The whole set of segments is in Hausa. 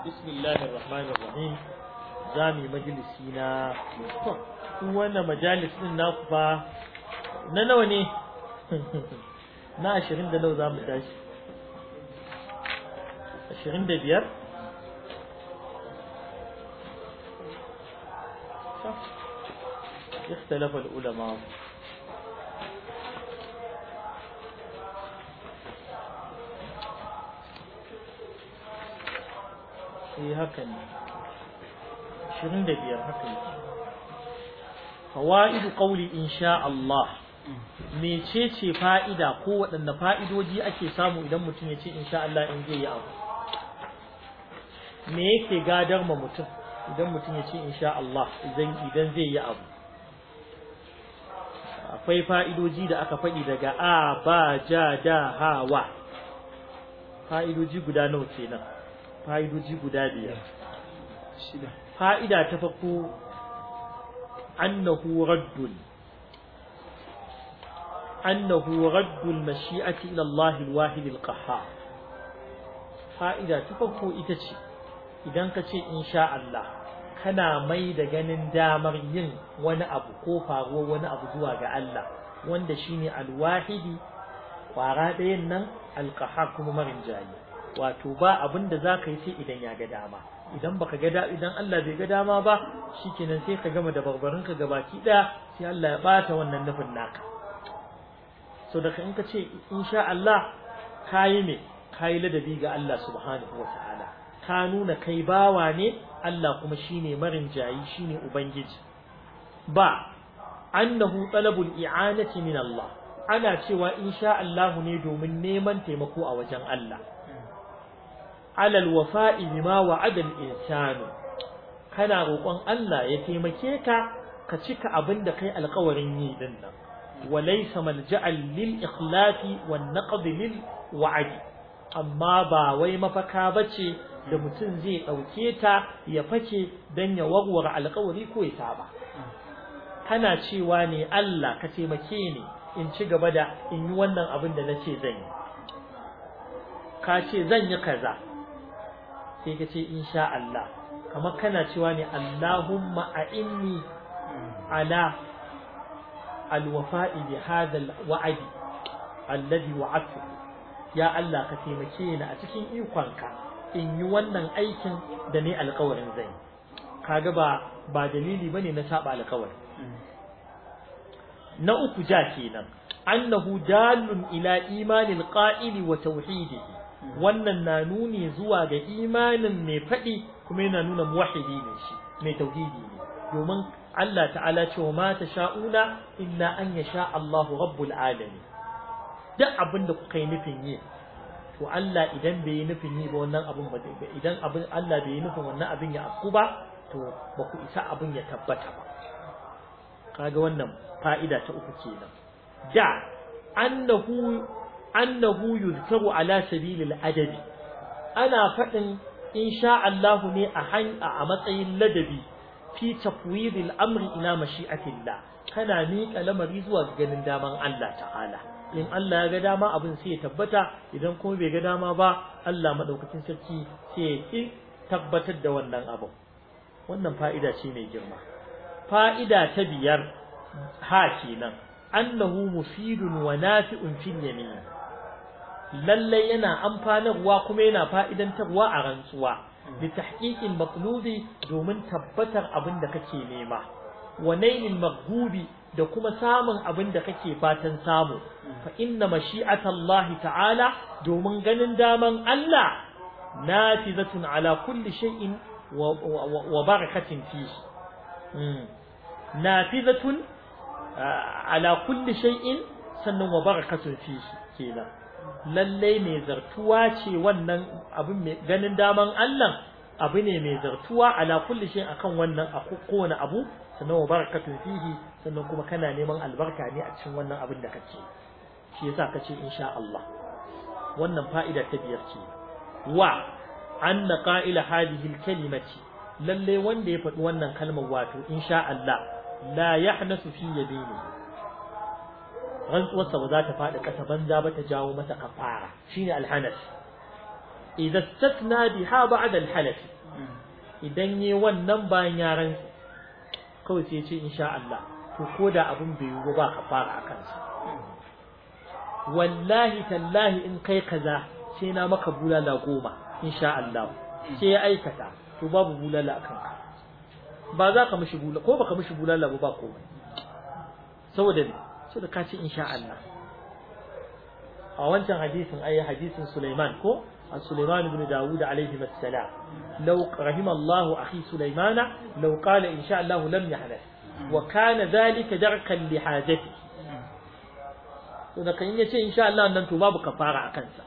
بسم الله الرحمن الرحيم زامي مجلسينا وانا مجالس النقبة ننوني نا عشرين دا لو زامي تاش عشرين دا بيار اختلف العلماء sai eh, haka ne ashirin da biyar haka ne fawa'idu qawli insha Allah mecece fa'ida ko waɗanne fa'idoji ake samu idan mutum ya ce insha Allah in zai yi abu me yake gadar ma mutum idan mutum ya ce insha Allah idan idan zai yi abu akwai fa'idoji da aka faɗi daga a ba ja da hawa fa'idoji guda nawa kenan fa'idoji guda biyar fa'ida ta farko annahu raddun annahu raddul mashi'ati ila Allah al al fa'ida ta farko ita ce idan ka ce insha Allah kana mai da ganin damar yin wani abu ko faruwar wani abu zuwa ga Allah wanda shine al-wahidi Ƙwara ɗayan nan al kuma marin jayi wato ba abin da za ka yi sai idan ya ga dama idan baka ga idan Allah bai ga dama ba shikenan sai ka gama da barbarin ka gabaki da sai Allah ya bata wannan nufin naka so da in ka ce insha Allah kayi me kayi ladabi ga Allah subhanahu wataala ka nuna kai bawa ne Allah kuma shine marin jayi shine ubangiji ba annahu talabul i'anati min Allah ana cewa insha Allah ne domin neman taimako a wajen Allah alal wafa'i bima wa'ada al-insanu kana roƙon Allah ya taimake ka ka cika abin da kai alƙawarin yi din nan walaysa malja'al lil ikhlafi wan naqd lil wa'adi amma ba wai mafaka bace da mutum zai ɗauke ta ya fake dan ya warware alƙawari ko ya saba kana cewa ne Allah ka taimake ni in ci gaba da in yi wannan abin da nace zan yi ka ce zan yi kaza sai ka ce insha Allah kamar kana cewa ne Allahumma a inni ala alwafa'i bi hadha alwa'di alladhi wa'adtu ya Allah ka taimake ni a cikin ikonka in yi wannan aikin da ni alƙawarin zai kaga ba ba dalili bane na saba alƙawari na uku ja kenan annahu dalun ila imanil qa'ili wa tauhidihi wannan na nuni zuwa ga imanin mai faɗi kuma yana nuna muwahidi ne shi mai tauhidi ne domin Allah ta'ala ce wa mata sha'una inna an ya sha Allahu rabbul alami duk abin da kuka yi nufin yi to Allah idan bai yi nufin yi ba wannan abin ba idan abin Allah bai yi nufin wannan abin ya afku ba to ba ku isa abin ya tabbata ba kaga wannan fa'ida ta uku kenan da annahu annahu yuzkaru ala sabilil adabi ana faɗin insha Allah ne a han a matsayin ladabi fi tafwidil amri ila mashi'atillah kana miƙa lamari zuwa ganin daman Allah ta'ala in Allah ya ga dama abin sai ya tabbata idan kuma bai ga dama ba Allah madaukakin sarki sai ya tabbatar da wannan abu wannan fa'ida ce mai girma fa'ida ta biyar ha kenan annahu mufidun wa nafi'un fil yamin lallai yana amfanarwa kuma yana fa'idantarwa a rantsuwa bi tahqiqil matlubi domin tabbatar abin da kake nema wa nailil maghdubi da kuma samun abin da kake fatan samu fa inna mashi'atallahi ta'ala domin ganin daman Allah nafizatun ala kulli shay'in wa barakatin fihi hmm. nafizatun ah, ala kulli shay'in sannan wa barakatun fihi kenan lallai mai zartuwa ce wannan abin ganin daman Allah abu ne mai zartuwa ala kulli shin akan wannan aku kowane abu sannan wa barakatun fihi sannan kuma kana neman albarka ne a cikin wannan abin da kake shi yasa kace insha Allah wannan fa'ida ta biyar ce wa anna qa'ila hadhihi alkalimati lallai lalle wanda ya faɗi wannan kalmar wato insha Allah la yahnasu fi yadihi rantsuwarsa ba za ta faɗi ƙasa banza ba ta jawo masa kafara shine alhanas idan statna biha ba'da alhalafi idan yi wannan bayan yaran kawai sai ya ce insha Allah to koda abin bai yiwu ba kafara akan kansa wallahi tallahi in kai kaza sai na maka bulala goma insha Allah sai ya aikata to babu bulala akan ka ba za ka mishi bulala ko baka mishi bulala ba ba komai saboda so da ka insha Allah a wancan hadisin ayi hadisin Sulaiman ko Sulaiman ibn Dawud alayhi assalam law rahima Allah akhi Sulaiman law qala insha Allah lam yahlas wa kana dhalika darkan li hajati to da kan yace insha Allah nan to babu kafara akan sa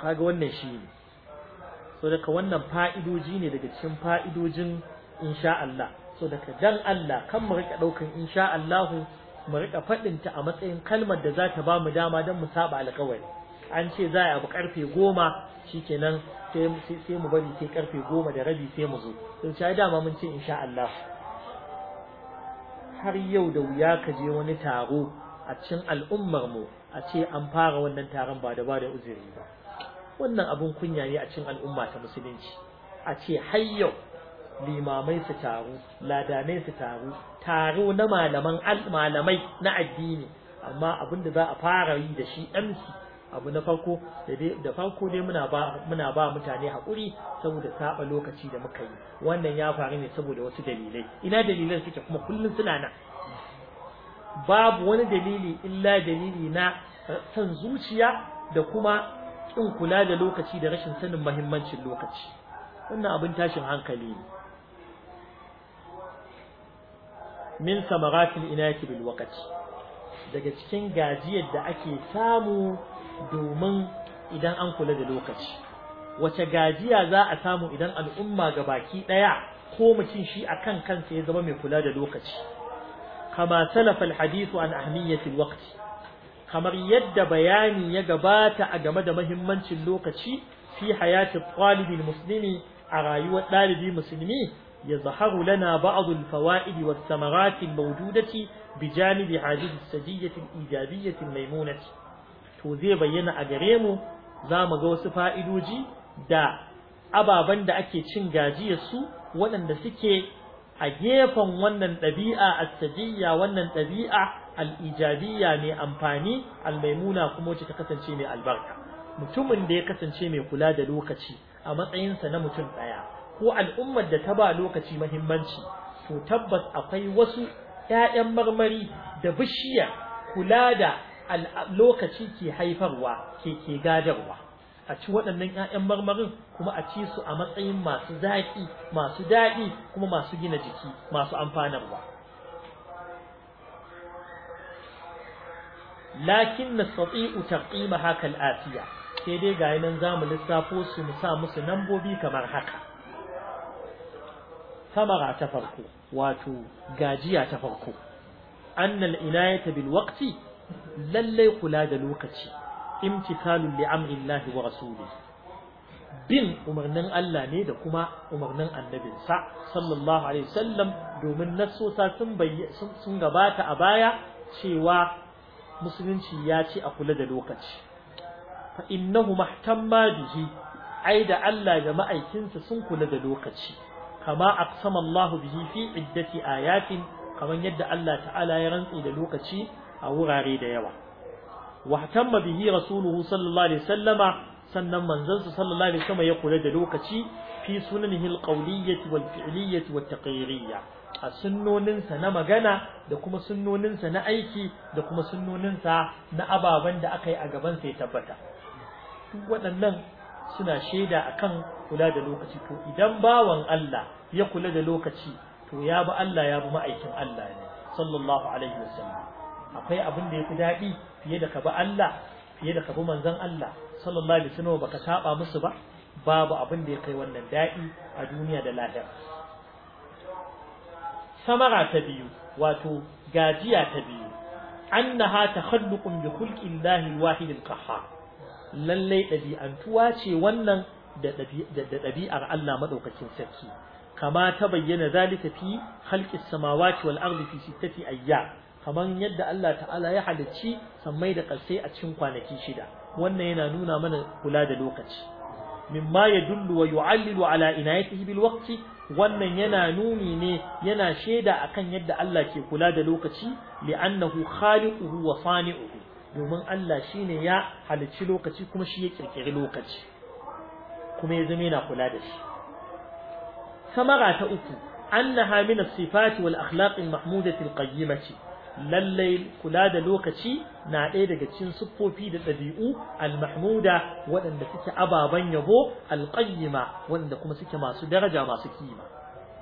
kaga wannan shi ne so daga wannan fa'idoji ne daga cikin fa'idojin insha Allah so daga dan Allah kan mu rike daukan insha Allah mu rika faɗin ta a matsayin kalmar da za ta ba mu dama don mu saba alƙawari an ce za a abu karfe goma shikenan sai mu bari sai karfe goma da rabi sai mu zo to sai dama mun ce insha Allah har yau da wuya ka je wani taro a cikin al'ummar mu a ce an fara wannan taron ba da ba da uzuri ba wannan abun kunya ne a cikin al'umma ta musulunci a ce har yau limamai su taru ladanai su taru taro na malaman malamai na addini amma abin da za a fara yi da shi ɗansu abu na farko da farko dai muna ba mutane haƙuri saboda saba lokaci da muka yi wannan ya faru ne saboda wasu dalilai ina dalilan suke kuma kullum suna nan babu wani dalili illa dalili na san zuciya da kuma kin kula da lokaci da rashin sanin muhimmancin lokaci wannan abin tashin hankali ne min samaratil inaki bil waqti daga cikin gajiyar da ake samu domin idan an kula da lokaci wace gajiya za a samu idan al'umma ga baki daya ko mutum shi akan kansa ya zama mai kula da lokaci kama salafa alhadithu an ahmiyati alwaqti kamar yadda bayani ya gabata a game da muhimmancin lokaci fi hayati talibin muslimi a rayuwar dalibi musulmi يظهر لنا بعض الفوائد والثمرات الموجودة بجانب هذه السجية الإيجابية الميمونة توزي بينا أجريمو زام غوث فائدوجي دا أبا بند أكي تشنجاجي يسو ونن دسكي أجيبا ونن تبيئة السجية ونن تبيئة الإيجابية مي أمباني الميمونة كموشي تكسن شيمي البركة mutumin da ya kasance mai kula da lokaci a matsayinsa na mutum ɗaya ko al'ummar da ta ba lokaci mahimmanci to tabbas akwai wasu ƴaƴan marmari da bishiya kula da lokaci ke haifarwa ke ke gadarwa a ci waɗannan ƴaƴan marmarin kuma a ci su a matsayin masu zaƙi masu daɗi kuma masu gina jiki masu amfanarwa lakin na nastati'u ma haka al'afiya sai dai ga nan zamu lissafo su mu sa musu nambobi kamar haka samara ta farko wato gajiya ta farko annal inayata bil waqti lallai kula da lokaci imtisalun li amrillahi wa rasuli. bin umarnin Allah ne da kuma umarnin annabinsa sallallahu alaihi wasallam domin nassosa sun sun gabata a baya cewa musulunci ya ce a kula da lokaci fa innahu mahtamma bihi ai da Allah da ma'aikinsa sun kula da lokaci kama aqsama Allah bihi fi iddati ayatin kaman yadda Allah ta'ala ya rantse da lokaci a wurare da yawa wahtamma bihi rasuluhu sallallahu alaihi wasallama sannan manzansa sallallahu alaihi wasallama ya kula da lokaci fi sunanihi alqawliyyati wal fi'liyyati wat taqririyya a sunnoninsa na magana da kuma sunnoninsa na aiki da kuma sunnoninsa na ababen da aka yi a gabansa ya tabbata waɗannan suna shaida akan kula da lokaci to idan bawan Allah ya kula da lokaci to ya bi Allah ya bi ma'aikin Allah ne sallallahu alaihi wasallam akwai abin da yafi daɗi fiye da ka bi Allah fiye da ka bi manzon Allah sallallahu alaihi wasallam baka saba musu ba babu abin da ya kai wannan daɗi a duniya da lahira samara ta biyu wato gajiya ta biyu annaha takhalluqun bi khulqi Allah al qahhar lallai ɗabi'antuwa ce wannan da ɗabi'ar Allah maɗaukacin sarki kama ta bayyana zalika fi khalqis samawati wal ardi fi sittati ayyam kaman yadda Allah ta'ala ya halicci sammai da ƙasai a cikin kwanaki shida wannan yana nuna mana kula da lokaci mimma yadullu wa yu'allilu ala inayatihi bil waqti wannan yana nuni ne yana sheda akan yadda Allah ke kula da lokaci li'annahu khaliquhu wa sani'uhu domin Allah shine ya halici lokaci kuma shi ya kirkiri lokaci kuma ya zama yana kula da shi samara ta uku annaha min as-sifati wal akhlaq al qayyimati lallai kula da lokaci na ɗaya daga cikin siffofi da ɗabi'u al-mahmuda waɗanda suke ababen yabo al-qayyima waɗanda kuma suke masu daraja masu kima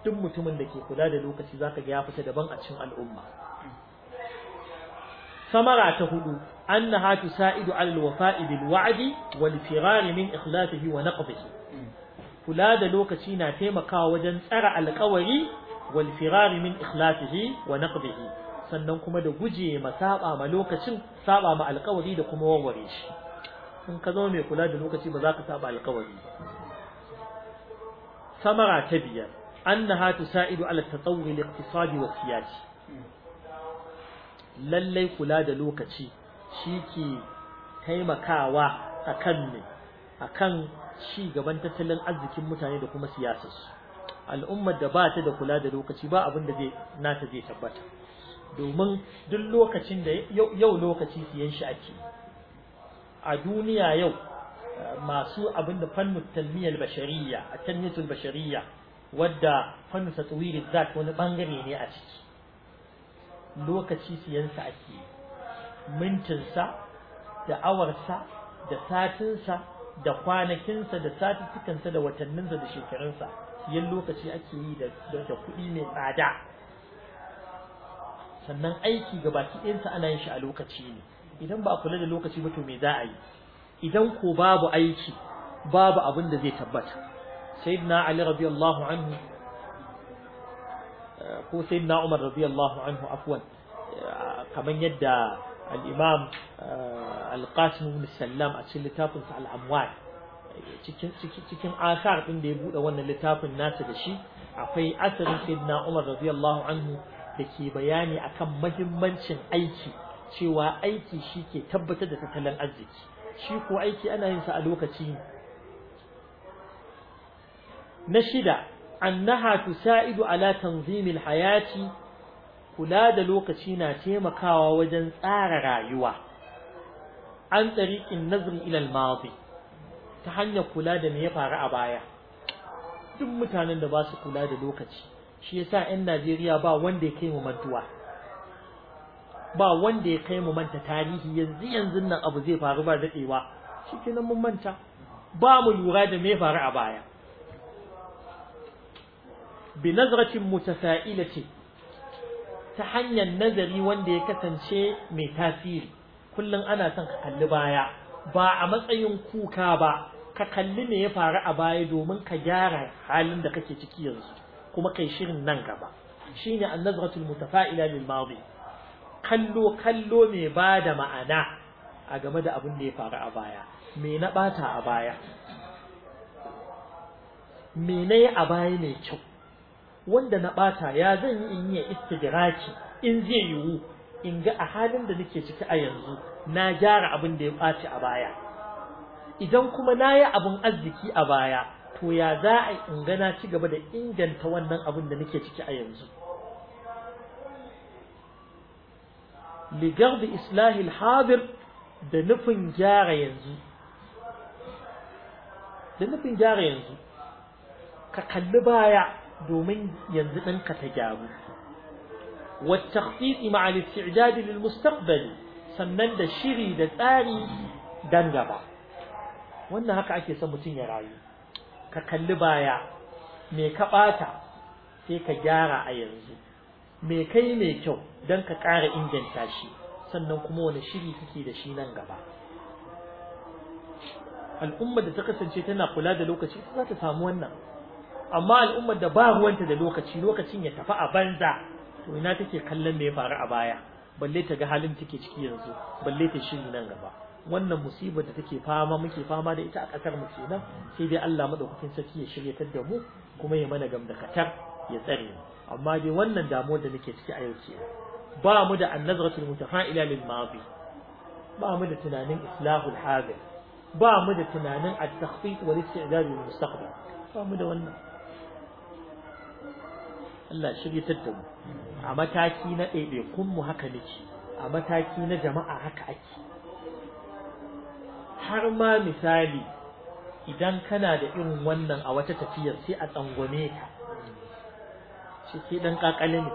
duk mutumin da ke kula da lokaci zaka ga ya fita daban a cikin al'umma samara ta hudu annaha tusaidu Alal, wafa'i bil wa'di wal firari min ikhlafihi wa naqdihi kula da lokaci na taimakawa wajen tsara alƙawari wal firari min ikhlafihi wa naqdihi sannan kuma da guje ma saba ma lokacin saba ma alƙawari da kuma warware shi in ka zama mai kula da lokaci ba za ka saba alƙawari samara ta biyar annaha tusaidu ala tatawwur al iqtisadi wa siyasi lallai kula da lokaci shi ke taimakawa a kan ne a kan ci gaban tattalin arzikin mutane da kuma siyasarsu al'ummar da ba ta da kula da lokaci ba abin da nata zai tabbata domin duk lokacin da yau lokaci siyan shi ake a duniya yau masu abin da fannin talmiyar bashariya a talmiyatul bashariya wadda fannin za ta wani bangare ne a ciki lokaci siyansa ake mintinsa da awarsa da satinsa da kwanakinsa da satuttukansa da watanninsa da shekarunsa siyan lokaci ake yi da kuɗi mai tsada sannan aiki ga baki ɗinsa ana yin shi a lokaci ne idan ba a kula da lokaci ba to me za a yi idan ko babu aiki babu abin da zai tabbata sayyidina ali radiyallahu anhu Kosai na Umar radiyallahu anhu afwan kamar yadda al-Imam eh, al-Qasim ibn Sallam a cikin littafin sa al-Amwal cikin cikin asar din da ya bude wannan littafin nasa da shi akwai asarin sayyidina Umar radiyallahu anhu da ke bayani akan mahimmancin aiki cewa aiki shi ke tabbatar da tattalin arziki shi ko aiki ana yin sa a lokaci na shida annaha tusaidu ala tanzimil hayati kula da lokaci na taimakawa wajen tsara rayuwa an tsariƙin nazari ilal mazi ta hanyar kula da me ya faru a baya duk mutanen da ba su kula da lokaci shi yasa 'yan Najeriya ba wanda ya kai mu mantuwa ba wanda ya kai mu manta tarihi yanzu yanzu nan abu zai faru ba daɗewa shi kenan mun manta ba mu lura da me faru a baya bi nazratin ce ta hanyar nazari wanda ya kasance mai tasiri kullum ana son ka kalli baya ba a matsayin kuka ba ka kalli me ya faru a baya domin ka gyara halin da kake ciki yanzu kuma kai shirin nan gaba shine an-nazratul mutafa'ila lil madi kallo kallo mai bada ma'ana a game da abin da ya faru a baya me na bata a baya me nayi a baya mai kyau wanda na bata ya zan yi in yi istidraki in zai yiwu in ga a halin da nake ciki a yanzu na gyara abin da ya ɓaci a baya idan kuma na yi abin arziki a baya to ya za a in ga na ci gaba da inganta wannan abin da nake ciki a yanzu ligar da islahil hadir da nufin gyara yanzu da nufin gyara yanzu ka kalli baya domin yanzu ɗanka ta gyaru والتخطيط مع الاستعداد للمستقبل sannan da shiri da tsari dan gaba wannan haka ake son mutum ya rayu ka kalli baya me ka ɓata sai ka gyara a yanzu me kai mai kyau don ka ƙara inganta shi sannan kuma wani shiri kake da shi nan gaba al'ummar da ta kasance tana kula da lokaci za ta samu wannan amma al'ummar da ba ruwanta da lokaci lokacin ya tafi a banza to ina take kallon me ya faru a baya balle ta ga halin take ciki yanzu balle ta shiri nan gaba wannan musibar da take fama muke fama da ita a kasar mu kenan sai dai Allah madaukakin sarki ya shiryatar da mu kuma ya mana gam da gamdakatar ya tsare amma dai wannan damuwar da muke ciki a yau ce ba mu da annazratul mutafa'ila lil madi ba mu da tunanin islahul hadir ba mu da tunanin at-takhfif wal istidad lil mustaqbal ba mu da wannan Allah shiryatar da mu a mataki na ɗaiɗaikun mu haka nake a mataki na jama'a haka ake har ma misali idan kana da irin wannan a wata tafiyar sai a tsangwame ka shi ke dan kakale ne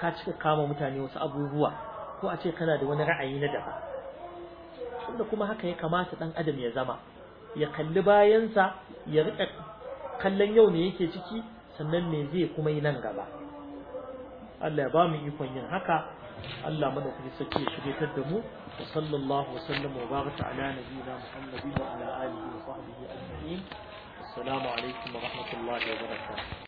ka cika kama mutane wasu abubuwa ko a ce kana da wani ra'ayi na daba wanda kuma haka ya kamata ɗan adam ya zama ya kalli bayansa ya riƙa kallon yau ne yake ciki sannan me zai kuma yi nan gaba Allah ya ba mu ikon yin haka Allah madaukaki sake ta da mu wa sallallahu wasallam wa baraka ala nabiyina Muhammadin wa ala alihi wa sahbihi ajma'in assalamu alaikum wa rahmatullahi wa barakatuh